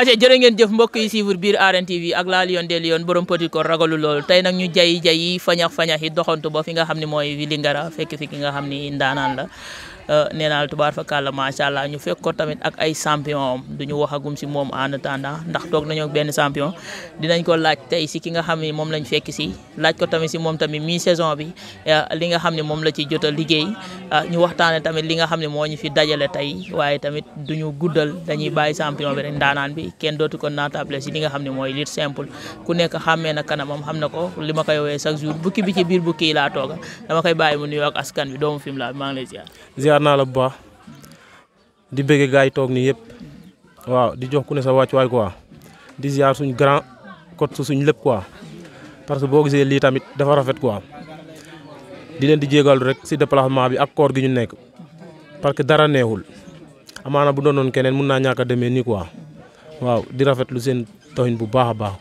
aja jërë ngeen jëf mbokk yi suivre biir arène tv ak la lion des lions borom petit corps ragalu loolu tey nag ñu jayi jayi fañax fañax yi doxantu ba fi nga xam ne mooy Vélingara fekk fi ki nga xam ni ndaanaan la Euh, nee naa la tubaar fa kàlla macha allah ñu fekk ko tamit ak ay champion am du ñu waxagum si moom en attendant ndax toog nañoo benn champion dinañ ko laaj tey si ki nga xam ni moom lañ fekk si laaj ko tamit si moom tamit mi saison bi euh, li nga xam ne moom la ci jot liggéey euh, ñu waxtaanee tamit li nga xam ne moo ñu fi dajale tey waaye tamit du ñu guddal dañuy bàyyi champion bi rek ndaanaan bi kenn dootu ko naatable si li nga xam ne mooy lutte simple ku nekk xàmmee na kanamam xam na ko li ma koy woowee chaque jour bukki bi ci biir bukki yi laa tooga dama koy bàyyi mu nuyoo ak askan bi doomu fi mu laa maa ngi lay ziar naa la bu baax di bëgg gaa yi toog nii yëpp waaw di jox ku ne sa wàccuwaay quoi di ziar suñ grand cote suñ lépp quoi parce que boo gisee lii tamit dafa rafet quoi di leen di jégalu rek si déplacement bi ak koor gi ñu nekk parce que dara neexul amaana bu doonoon keneen mun naa ñàkk a demee nii quoi waaw di rafetlu seen toxin bu baax a baax.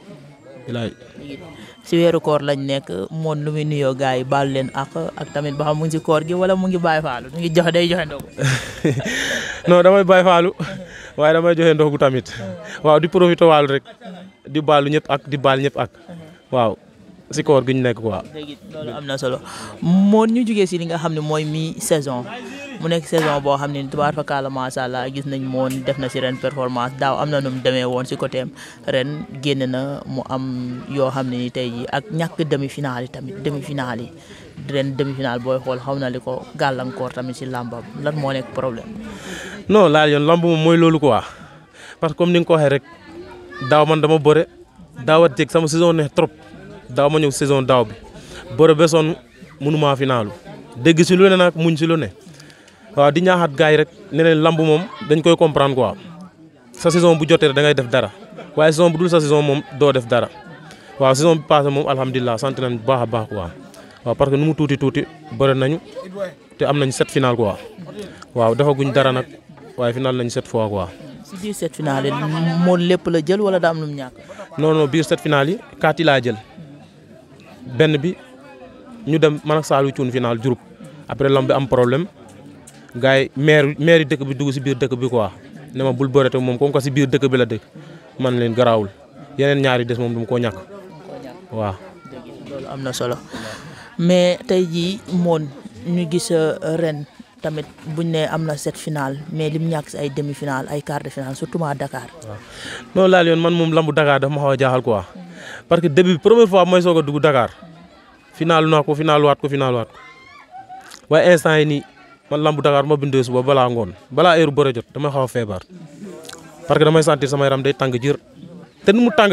ci weeru koor lañ nekk moom lu muy nuyoo gars yi leen ak ak tamit ba xam mu ngi ci koor gi wala mu ngi bàyyi faalu mu ngi joxe day joxe ndogu. non damay bàyyi faalu waaye damay joxe ndogu tamit waaw di profité waalu rek di baalu ñëpp ak di baal ñëpp ak waaw. si koor gi ñu nekk quoi. loolu am na solo moo ñu jugee si nga xam ne mooy mi saison mu nekk saison boo xam ne tubaar fa kaala macha allah gis nañ moo def na si ren performance daaw am na nu demee woon si côté ren génn na mu am yoo xam ne ni tey jii ak ñàkk demi-finale yi tamit demi-finale yi ren demi-finale booy xool xam na li ko gàllankoor tamit si làmbam lan moo nekk problème. no laal yoon lamb moom mooy loolu ko quoi parce que comme ni nga ko waxee rek daaw man dama bëre daawat jéeg sama saison neex trop daaw ma ñëw saison daaw bi bëre besoon mënumaa finaalu dégg si nag muñ si lu waaw di ñaaxaat gars yi rek ne leen lamb moom dañ koy comprendre quoi sa saison bu jotee da ngay def dara waaye saison bu dul sa saison moom doo def dara waaw saison bi passé moom alhamdulilah sant nañ bu baax a baax quoi waaw parce que nu mu tuuti tuuti bëri nañu te am nañ sept final quoi waaw defaguñ dara nag waaye final nañ sept fois quoi. si biir sept final yi moo lépp la jël wala daa am lu mu ñàkk. non non biir sept final yi kaati laa jël benn bi ñu dem man ak Saalum cuun final Diouroup après lamb bi am problème. gars yi maire maire dëkk bi dugg si biir dëkk bi quoi ne ma bul bëreet moom comme que si biir dëkk bi la dëkk man leen garaawul yeneen ñaari des moom dama koo ñàkk waaw. am na solo mais tey jii moon ñu gis euh, ren tamit buñ ne am na sept final mais lim ñàkk si ay demi final ay quart de final surtout ma Dakar. waaw noonu laal yoon man moom lambu Dakar dafa ma xaw a jaaxal quoi parce que début première fois mooy soog a dugg Dakar final naa ko final waat ko finaal waat ko man lambu Dakar a feebar parce que sama yaram day tàng jër te nu mu ba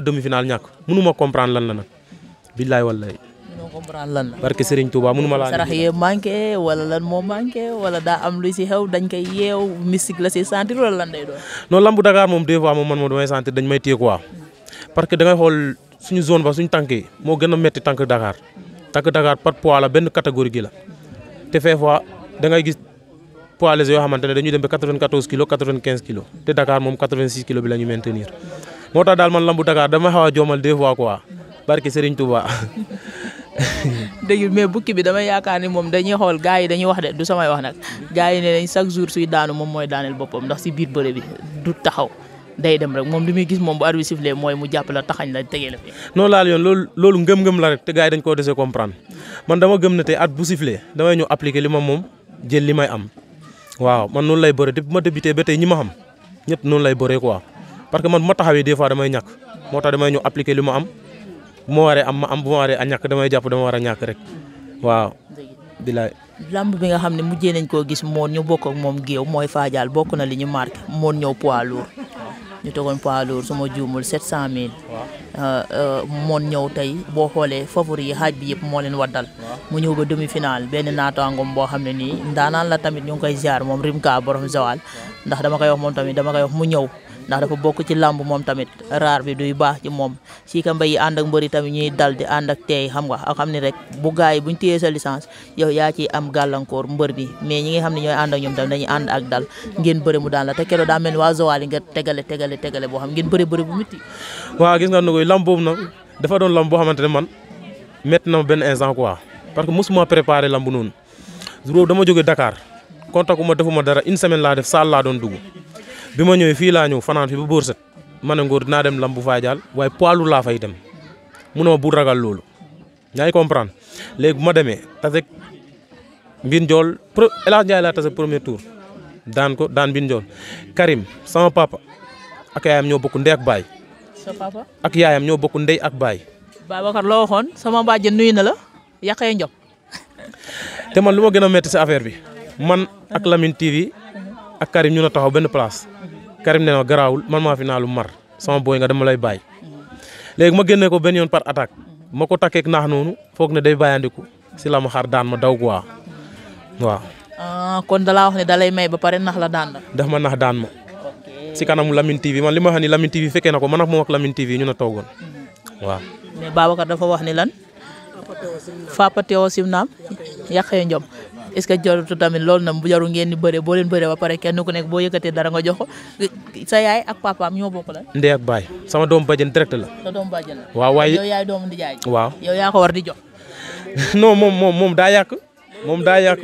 demi final ñàkk mënu ma comprendre lan la nag billaay wallaay. comprendre lan la barke ma laa. sarax yee manqué wala lan moo manqué wala am lu si xew dañ koy la si sentir wala lan day doon. non moom des fois moom man moom damay sentir dañ may téye quoi parce que da ngay xool suñu zone ba suñu tànk moo gën a métti tànk Dakar tànk Dakar par la benn catégorie gi la te fee da ngay gis poids légers yoo xamante ne dañuy dem ba 94 kilos 95 kilos te Dakar moom 86 bi la ñu maintenir moo tax daal man lambu Dakar dama xaw a joomal des mais bukki bi damay yaakaar ni moom dañuy xool gars yi dañuy wax de du samay wax nag gars yi ne nañ chaque jour suy daanu moom mooy daaneel boppam ndax si biir bëre bi du taxaw day dem rek moom li muy gis moom bu arbitre sifflé mooy mu jàpp la taxañ la tegee la fi. non laal yoon loolu loolu ngëm-ngëm la rek te koo dese comprendre man dama gëm ne tey at bu moom jël li may am waaw man noonu lay bëre depuis ma débuté ba tey ñi ma xam ñëpp noonu lay bëree quoi parce que man bu ma taxawee des fois damay ñàkk moo tax damay ñëw appliquer li ma am bu ma waree ma am bu ma a ñàkk damay jàpp dama war a ñàkk rek waaw. bilaay lamb bi nga xam ne mujjee nañ koo gis moon ñu bokk moom géew mooy Fadial bokk na li ñu marqué moon ñëw poids lourd ñu tegoon poids lourd su ma juumul 700000. waaw Euh, euh, moon ñëw tey boo xoolee favori yi xaaj bi yëpp moo leen waddal mu ñëw ba demi final benn naataangoom boo xam ne nii ndaanaan la tamit ñu ngi koy ziar moom Rimka borom Zawal ndax dama koy wax moom tamit dama koy wax mu ñëw ndax dafa bokk ci làmb moom tamit raar bi du baax ci moom siika mbay yi ànd ak mbëri tamit ñuy dal di ànd ak teey xam nga ak xam ne rek bu gars yi buñ téyee sa licence yow yaa ciy am gàllankoor mbër bi mais ñi nga xam ne ñooy ànd ak ñoom tamit ànd ak dal ngeen bëri mu daan la te keroog daa mel ni waa Joal nga tegale tegale tegale boo xam ngeen bëri bëri bu métti waaw gis nga nugoy lamb boobu nag dafa doon lamb boo xamante ne man métti na ma benn instant quoi parce que mosuma préparé lamb noonu dama jóge Dakar contact uma defuma dara une semaine laa def saal laa doon dugg bi ma ñëwee fii laa ñëw fanaan fi ba boor set ma ne Ngor dinaa dem bu Fadial waaye poids laa fay dem mu ne ma bu ragal loolu yaa ngi léegi ma demee tase Mbine Ndiol premier tour daan ko daan Mbine Karim sama papa ak yaayam ñoo bokk ndey ak baay. ak yaayam ñoo bokk ndey ak baay. Babacar loo waxoon sama mbaaje nuyu na la yàqee njop te man lu ma gën a metti si affaire bi man ak Lamine TV ak Karim ñu na taxaw benn place Karim nee na garaawul man maa fi naa lu mar sama booy nga dama lay bàyyi. léegi ma génnee ko benn yoon par attaque ma ko takkeek naax noonu foog ne day bàyyandiku si la ma xaar daan ma daw quoi waaw. Ah, kon da laa wax ne da may ba pare nax la daan la. ma nax daan ma. si kanamu Lamine TV man li ma wax ni Lamine TV fekkee na ko man ak moom ak Lamine TV ñu na toogoon mhm. waaw. mais Babacar dafa wax ni lan. Fapal teewoo Simnaam yàqee Njom est-ce que jarutu tamit loolu na bu jaru ngeen di bëre boo leen bëree ba pare kenn ku nekk boo yëkkatee dara nga jox sa yaay ak papaam ñoo bokk la. ndey ak baay sama doomu bàjjen direct la. sa doomu bàjjen la. waaw waaye yow yaay doomu ndijaay. waaw yow yaa ko war di jox. non moom moom moom daa yàq moom daa yàq.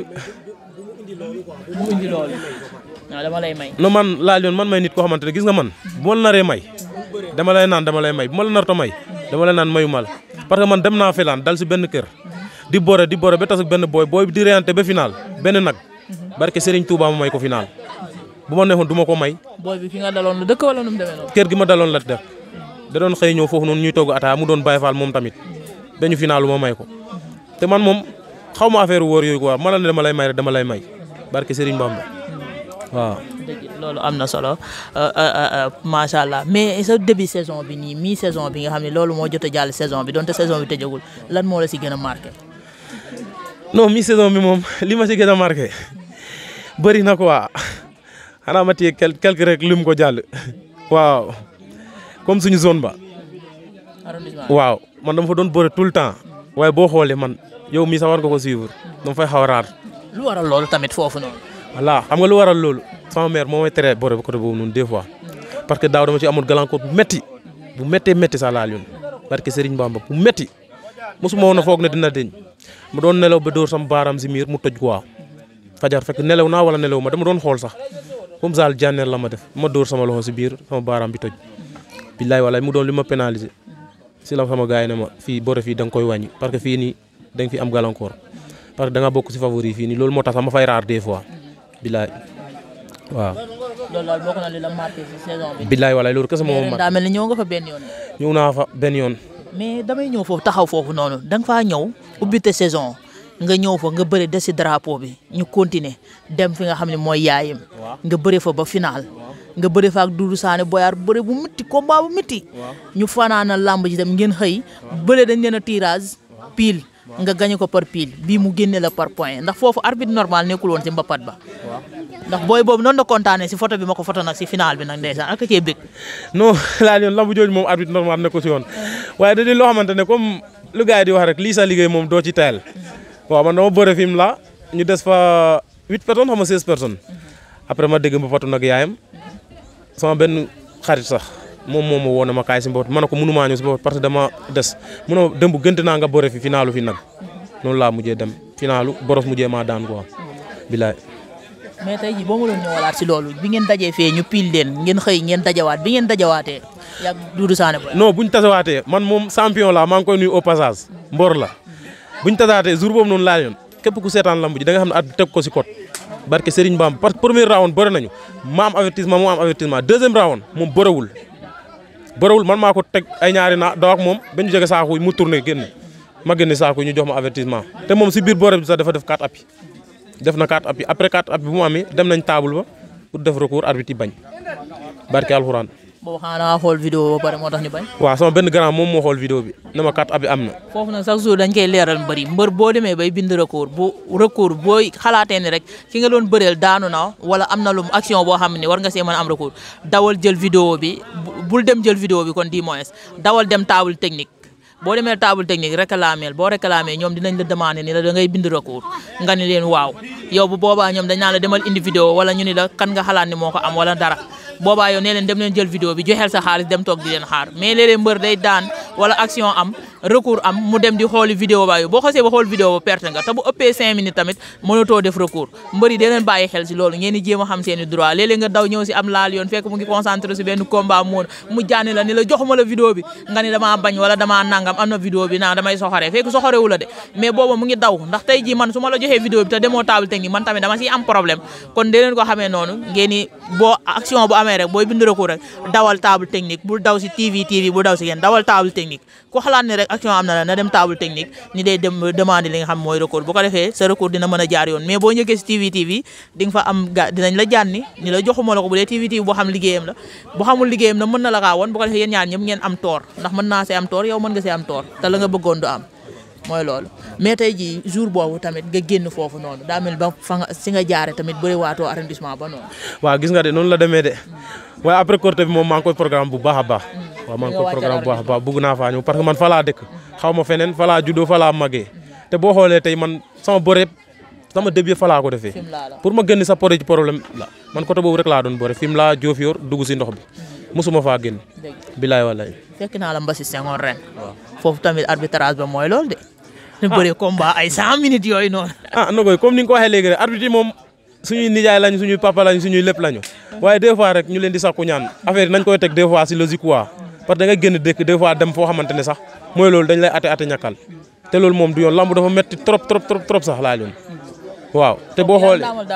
mu dama lay may. non man laal leen man may nit koo xamante ne gis nga man bu ma la naree may dama lay naan dama lay may bu ma la narta may dama lay naan mayu ma la parce que man dem naa fi laan dal si benn kër. di bore di bore ba tas benn booy booy di reyante ba final benn nag barke Serigne Touba ma may ko final bu ma neexoon du ma ko may. booy bi ki nga daloon lu dëkk wala kër gi ma daloon la def da doon xëy ñëw foofu ñuy togg ataaya mu doon Baye Fall moom tamit dañu final lu ma may ko te man moom xaw ma affaire wóor yooyu quoi ma la ne dama lay may rek dama lay may barke waaw. loolu am na solo euh, euh, euh, macha allah sa début saison bi nii mi saison bi nga xam ne loolu moo jot a jàll saison bi donte saison bi tëjagul lan moo la si gën a marqué. non mi saison bi moom li ma ci gën a marqué bëri na quoi xanaa ma téye quelque rek lim ko jàll. waaw comme suñu zone ba. waaw man dama fa doon bëri tout le temps. waaye boo xoolee man yow mii sax war nga ko suivre. dama fay xaw a raar. lu waral loolu tamit foofu noonu. voilà xam nga lu waral loolu. sama mère moo may tere bëri côté boobu noonu des fois. parce que daaw dama ci amoon gàllankoor bu métti. bu méttee métti sa laal yoon. parce que Serigne Bamba bu métti mosuma woon a foog ne dina deñ mu doon nelaw ba dóor sama baaraam si miir mu toj quoi fajar fekk nelaw naa wala nelaw ma dama doon xool sax comme zaal jànneer la ma def ma dóor sama loxo si biir sama baaraam bi toj. billaay walaay mu doon li ma pénaliser si la sama ne ma fii boore da koy wàññi parce que da nga am gàllankoor parce que da nga bokk si favori fii nii loolu moo tax sax ma fay raar des fois billaay waaw. loolu daal bokk a li la marqué si saison bi. ma. daa mel ni ñëw nga fa benn yoon. ñëw benn yoon. mais damay ñëw foofu taxaw foofu noonu danga nga faa ñëw ubbite saison nga ñëw fa nga bëri des si drapeau bi ñu continuer dem fi nga xam ne mooy yaayam. nga bëri fa ba final. nga bëri fa ak Doudou Sané Boyar bëri bu métti combat bu métti. ñu fanaana làmb ji dem ngeen xëy. bëri dañ leen a tirage pile. nga gañe ko par pile bii mu génne la par point ndax foofu arbitre normal nekkul woon ci mbapat ba. ndax booy boobu noonu na kontaanee si photo bi ma ko photo nag si final bi nag ndeysaan ak cee bëgg. non laa moom arbitre normal nekkul si yoon waaye da di xamante ne comme lu di wax rek lii sa liggéey moom doo ci tayal waaw man dama bëre fi mu la ñu des fa huit personnes xam seize personnes après ma dégg mba patu nag yaayam sama benn xarit sax. moom moom ma woo ma kaay si mbapat ma ko mënumaa ñëw si mbapat parce que dama des mu ne dëmb gënt naa nga bëre fi finaalu fi nag noonu laa mujee dem finaalu boros mujjee maa daan quoi bilaay mais tey jii boo loolu bi ngeen dajee fee ñu pile leen ngeen xëy ngeen dajawaat bi ngeen dajawaatee yàgg Doudou Sané Boy man moom champion la man ngi koy nuyu au passage la bu ñu tasawaatee jour boobu noonu laa yoon ku seetaan lamb ji xam ne at teg ko si code barke Serigne Bamba parce que premier round bëre nañu ma am avertissement mu am avertissement bëriwul man maa ko teg ay ñaari naa daw moom ba ñu jóge saako yi mu tourné génn ma génne saako ñu jox ma avertissement te moom si biir boore bi sax dafa def 4 appuis def na 4 appuis après 4 appuis bu mu amee dem nañ table ba pour def recours arbitre yi bañ barke alxuraan boobu xanaa da ngaa xool vidéo ba pare moo bi na ma boo demee bay bind recours a am recours dawal jël vidéo bi dem jël vidéo bi kon di moins dawal dem table technique. boo demee table technique réclameel boo réclamé ñoom dinañ la demander ni la da ngay bind recours nga ni leen waaw yow bu boobaa ñoom dañ naan la demal indi vidéo wala ñu ni la kan nga xalaat ni moo ko am wala dara boobaa yow nee leen dem leen jël vidéo bi joxeel sa xaalis dem toog di leen xaar mais léeg mbër day daan wala action am recours am mu dem di xooli vidéo ba boo xasee ba xool vidéo ba perte nga te bu ëppee cinq minutes tamit mënatoo def recours mbër yi dee leen bàyyi xel si loolu ngeen di a xam seen droit léeg nga daw ñëw si am laal yoon fekk mu ngi concentré si benn combat moon mu jànni la ni la joxuma la vidéo bi nga ni damaa bañ wala damaa amee rek booy bind recours rek dawal table technique bul daw si TV TV bul daw si yéen dawal table technique ku xalaat rek action am na la na dem table technique ni day dem demande nga xam mooy recours bu ko defee sa recours dina mën a jaar yoon mais boo njëkkee si TV TV di fa am ga dinañ la jànni ni la joxuma la bu dee TV TV boo xam liggéeyam la bu xamul liggéeyam la mën na la woon bu ko defee yéen ñaar ñëpp ngeen am toor ndax mën naa mooy loolu mais tey jii jour boobu tamit nga génn foofu noonu daa mel ba fa nga si nga jaare tamit bëri waatoo arrondissement ba noonu waaw gis nga de noonu la demee de waaye après Korité bi moom maa ngi koy programme bu baax a baax mm. waaw maa ngi koy programme bu baax a naa faa ñëw parce que man fa laa xaw ma feneen fa laa juddoo fa te boo xoolee tey man sama bëre sama début fa laa ko defee pour ma génn sa poro ci problème la man côté boobu rek laa doon boo fi mu laa joof yor dugg si ndox bi mm. musuma faa génn bilaay walaay fekk naa la mbasi sengoon ren foofu tamit arbitrage ba ñu bëree combat ay 100 minutes yooyu noonu. ah, ah Nogoy comme ni nga ko waxee léegi rek arbitre yi moom suñuy nijaay lañ suñuy papa lañ suñuy lépp lañu waaye des fois rek waaw te boo xoolee laamal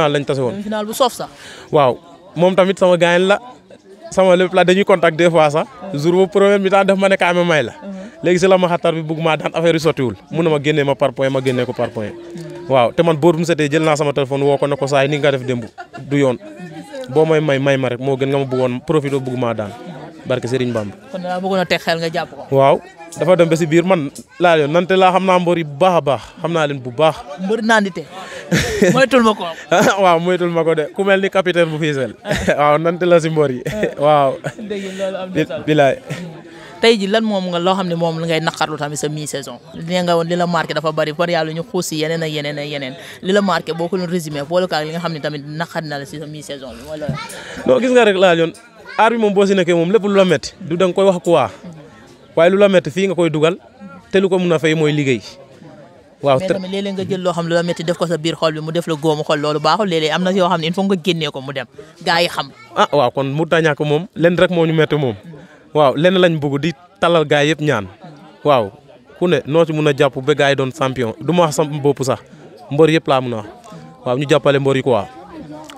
a tase woon. waaw moom tamit sama gaañ la. sama lépp la dañuy contact des fois sax jour bu première mi-temps def ma ne kaay ma may mhm. léegi si la ma xattar bi bugg maa daan affaire yi mhm. mun na ma génnee ma par point ma génnee ko par point mhm. waaw te man boobu mu setee jël naa sama téléphone woo ko ne ko saa ni nga def démb du yoon boo may may may ma rek moo gën nga ma bëggoon profité bugg maa daan barke Serigne Bamba. a waaw dafa dem ba si biir man laa yoon nante laa xam naa mbër yi bu baax a baax xam naa leen bu baax. mbër nandite. moytul ma ko waaw moytul ma ko de ku mel ni capitaine bu fiisel waaw nante la si mbor yi eh. waaw. dégg loolu am na bilaay hmm. tey ji lan moom nga loo xam ne moom ngay naqarlu tamit sa mi saison nee nga woon li la marqué dafa bari par yàlla ñu xuus si yeneen ak yeneen ak yeneen li la marqué boo ko doon résumé boole ko ak li nga xam ne tamit naqar na la si sa mi saison bi wala. non gis nga rek laa yoon aar bi moom boo si nekkee moom lépp lu la métti du da nga koy wax quoi hmm. waaye lu la métti fii nga koy dugal te lu ko mun a fay mooy liggéey. waaw mais tamit léeg-léeg nga jël xam ne la métti def ko sa biir xol bi mu def la góomu xol loolu baaxul léeg-léeg am na yoo xam ne dem gars yi xam ah waaw kon mu dañaako moom lenn rek moo ñu métti moom waaw lenn lañ bëgg di talal gars yëpp ñaan waaw ku ne noo ci mun a jàpp ba gars yi doon champion du ma wax sama bopp sax mbër yëpp laa mun a waaw ñu jàppale mbër yi quoi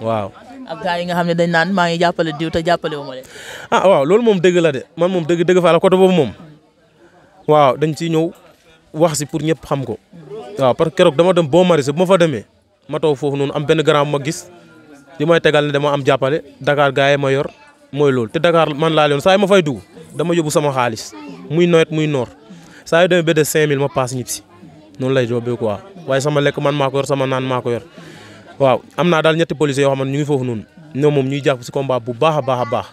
waaw ak gars yi nga xam ne dañ naan maa ngi jàppale diw te jàppale wu ma leen ah loolu moom dëgg la de man moom dëgg dëgg fa la côté boobu moom waaw dañ ci ñëw wax si pour ñëpp xam ko waaw parce que keroog dama dem boo mari bu ma fa demee ma taw foofu noonu am benn grand bu ma gis li may tegal ne dama am jàppale dakaar gaa yi ma yor mooy loolu te dakaar man laa leen saa yi ma fay dugg dama yóbbu sama xaalis muy nawet muy noor saa yu demee ba de 5000 ma paas ñibbi si noonu lay jóobee quoi waaye sama lekk man maa ko yor sama naan maa ko yor waaw am naa daal ñetti policiers yoo xam ne ñu ngi foofu noonu ñoom moom ñuy jàpp a baax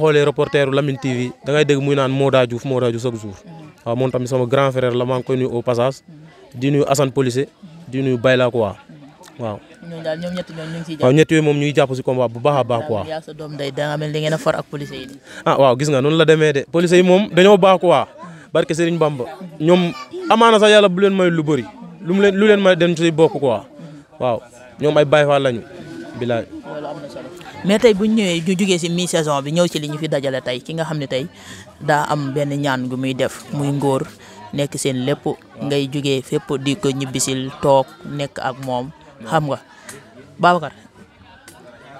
xoolee reporter Lamine TV da ngay dégg muy naan Moda Diouf Moda Diouf chaque jour waaw moom la maa di nuyu Assane policier di nuyu Bayla quoi waaw. ñooñu daal ñoom ñetti ñooñu ñu ngi ciy jàpp. waaw ñetti yooyu moom ñu ngi jàpp si combat bu baax a baax quoi. yaa sa nga mel ni a ah, la demee de policier yi moom dañoo baax quoi barke Serigne Bamba ñoom amaana sax yàlla bu leen may lu bëri lu leen may dañ ciy bokk quoi waaw ñoom ay Baye Fall lañu bilaay. loolu tey bu ñëwee ñu jugee si mi saison bi ñëw ci li ñu fi dajale tey ki nga xam ne tey daa am benn ñaan gu muy def muy ngóor nekk seen lépp ngay jógee fépp di ko ñibbisil toog nekk ak moom xam nga Babacar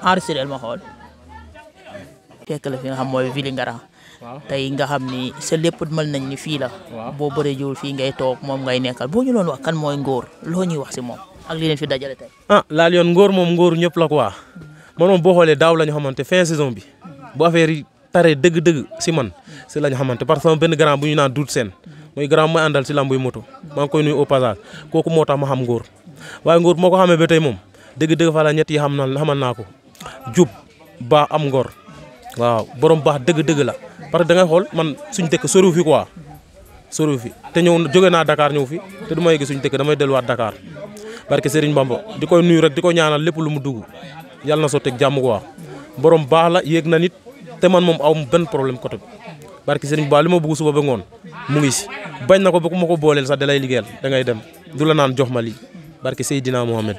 enregistré ma xool fekk la fi nga xam mooy Vélingara tey nga xam ni sa lépp mel nañ ni fii la boo bëree jiwul fii ngay toog moom ngay nekkal boo ñu doon wax kan mooy ngóor loo ñuy wax si moom ak li leen fi dajale tey ah laal yoon ngóor moom ngóor ñëpp la quoi man moom boo xoolee daaw la ñu xamante fin saison bi bu affaire yi taree dëgg-dëgg si man si la ñu xamante parce que benn bu ñu naan duut seen mooy grand may àndal si lambuy moto maa ngi koy nuyu au kooku moo tax ma xam ngóor waaye ngóor moo ko xamee ba tey moom dëgg-dëgg fa la ñett yi xam na xamal naa ko jub baax am ngor waaw borom baax dëgg-dëgg la parce que da xool man suñ dëkk soriw fi quoi soriw fi te ñëw jóge naa dakaar ñëw fi te du ma yegg suñ dëkk damay delluwaat Dakar barke Serigne Bamba di koy nuyu rek di ko ñaanal lépp lu mu dugg yàlla na sotteeg jàmm quoi borom baax la yéeg na nit te man moom aw benn problème côté barke Serigne Ba li ma bëgg suba ba ngoon mu ngi si bañ na ko ba ku ma ko booleel sax da lay liggéeyal da ngay dem du la naan jox ma lii barke Seydina Mohamed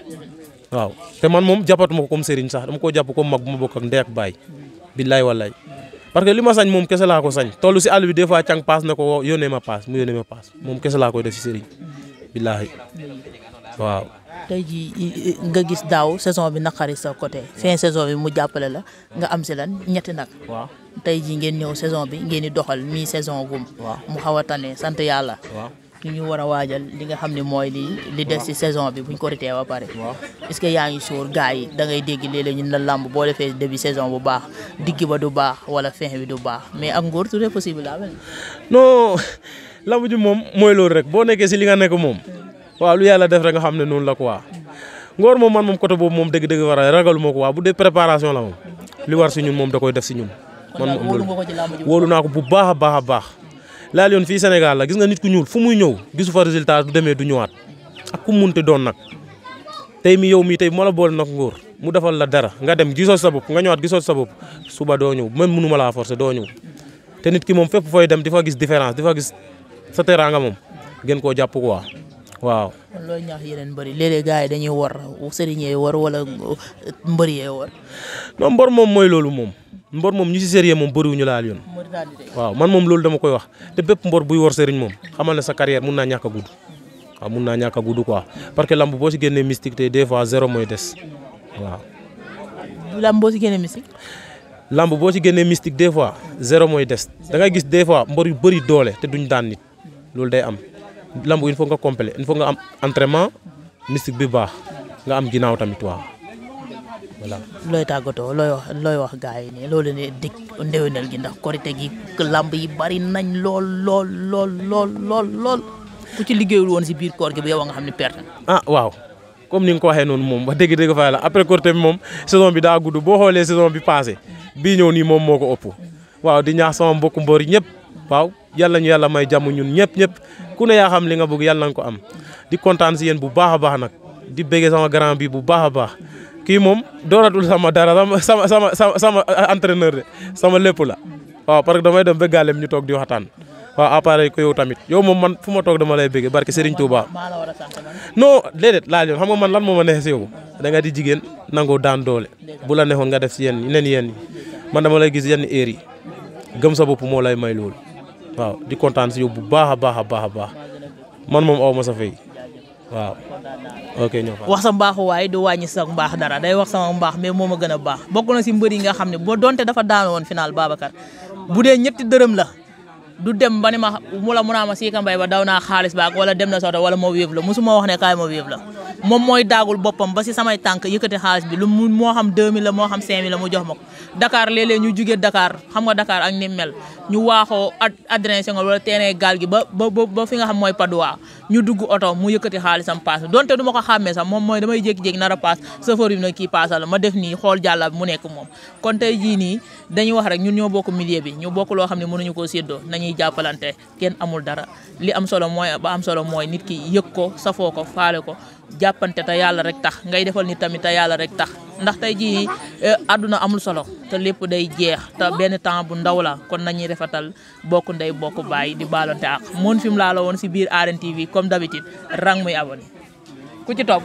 waaw te man moom jàppatuma ko comme Serigne sax dama ko jàpp comme mag bu ma bokk ak ndey ak baay billaay wallaay li ma sañ moom kese laa ko sañ toll si àll bi des fois càng paas na ko yónnee ma paas mu yónnee ma paas moom kese laa koy def si Serigne billaay waaw. tey jii nga gis daaw saison bi naqari sa côté fin saison bi mu jàppale la nga am si lan ñetti nag. waaw tey jii ngeen ñëw saison bi ngeen di doxal mi saison gum mu xaw a tane sant yàlla ñu ñu war a waajal li nga xam ni mooy li li def si saison bi bu buñ ko ritee ba pare est-ce que yaa ngi suur gars yi da ngay dégg léeg-léeg ñun la làmb boo defee début saison bu baax digg ba du baax wala fin bi du baax mais ak ngoor tout est possible laa ah, mel non làmb moom mooy loolu rek boo nekkee ci li nga nekk moom waaw lu yàlla def rek nga xam ne noonu la quoi ngóor moom man moom côté boobu moom dëgg-dëgg war a ragalu ma ko waaw bu dee préparation la moom li war ci ñun moom da koy def si ñun man ma naa ko bu baax a baax a baax laal yoon fii Sénégal la gis nga nit ku ñuul fu muy ñëw gisu fa résultat du demee du ñëwaat ak ku te doon nag tey mi yow mii tey bu ma la boole nag ngóor mu defal la dara nga dem gisoo sa bopp nga ñëwaat gisoo sa bopp suba doo ñëw même mënu ma laa forcer doo ñëw te nit ki moom fépp fooy dem di fa gis différence di fa gis sa teraanga moom gën koo jàpp ko waaw. kon looy ñaax yeneen mbëri yi dañuy war sëriñ yi war wala mbëri yi war. moom mooy loolu moom mbor moom ñu si sérieux moom bëriwuñu laal yoon waaw man moom loolu dama koy wax te bépp mbor buy wor sëriñ moom xamal na sa carrière mun naa ñàkk a gudd waaw mun naa ñàkk a gudd parce que lamb boo si génnee mystique te des fois zéro mooy des waaw. lamb boo si génnee lamb boo si génnee mystique des fois zéro mooy des da ngay gis des fois mbor yu bëri doole te duñ daan nit loolu day am lamb il foog nga compléter il faut nga am entraînement mystique bi baax nga am ginnaaw tamit waaw. voilà looy tàggatoo looy wax looy wax gars yi nii loolu ne dikk ndéwénal gi ndax korite gi lamb yi bari nañ lool lool lool lool lool lool ku ci liggéeyul woon si biir koor gi bu yow nga xam ne perte ah waaw comme ni nga ko waxee noonu moom wax dëgg dëgg fa la après korite bi moom saison bi daa gudd boo xoolee saison bi passé bii ñëw nii moom moo ko ëpp waaw di ñaax sama mbokku mboor yi ñëpp waaw yàlla ñu yàlla may jàmm ñun ñëpp ñëpp ku ne yaa xam li nga bëgg yàlla nañ ko am di kontaan si yéen bu baax a baax nag di bëggee sama grand bi bu baax a baax kii moom doonatul sama dara sama sama sama sama euh, entraîneur de sama lépp la waaw parce que damay dem ba gàllem ñu toog di waxtaan waaw appareil ko yow tamit yow moom man fu ma toog dama lay bëgg barke Serigne baax non déedéet laaj yoon xam nga man lan moo ma neex si yow da nga di jigéen nangoo daan doole bu la neexoon nga def si yenn nen yenn man dama lay gis yenn heure yi gëm sa bopp moo lay may loolu waaw di kontaan si yow bu baax a baax a baax a baax man moom aw ma sa fay waaw. wax sa mbaaxuwaay du wàññi sa mbaax dara day wax sama mbaax mais moom a gën a baax bokk na si mbër yi nga xam ne boo donte dafa daan woon final Babacar bu dee ñetti dërëm la du dem ba ni ma mu la mun a ma Sika ba daw naa xaalis baak wala dem na soto wala ma wéef la musuma wax ne kaay ma wéef la moom mooy daagul boppam ba si samay tànk yëkkati xaalis bi lu mu moo xam 2000 la moo xam 5000 la mu jox ma ko Dakar léeg-léeg ñu jugee Dakar xam nga Dakar ak ni ñu waaxoo adressé nga wala gaal gi ba ba ba fi nga xam mooy paduwaa ñu dugg oto mu yëkkati xaalisam paas donte du ma ko xàmmee sax moom mooy damay jékki-jékki nar a paas chauffeur na la ma def nii xool jàlla bi nekk moom kon tey jii nii dañuy wax rek ñun ñoo bokk milieu bi ñu bokk loo xam ne mënuñu koo séddoo ñuy jàppalante kenn amul dara li am solo mooy ba am solo mooy nit ki yëg ko safoo ko faale ko jàppante te yàlla rek tax ngay defal nit tamit te yàlla rek tax ndax tey jii eh, àdduna amul solo te lépp day jeex te benn temps bu ndaw la kon nañuy refatal bokk ndey bokk baay di baalonte ax moon fi mu laa la woon si biir arène tv comme d'habitude rang muy abonné ku ci topp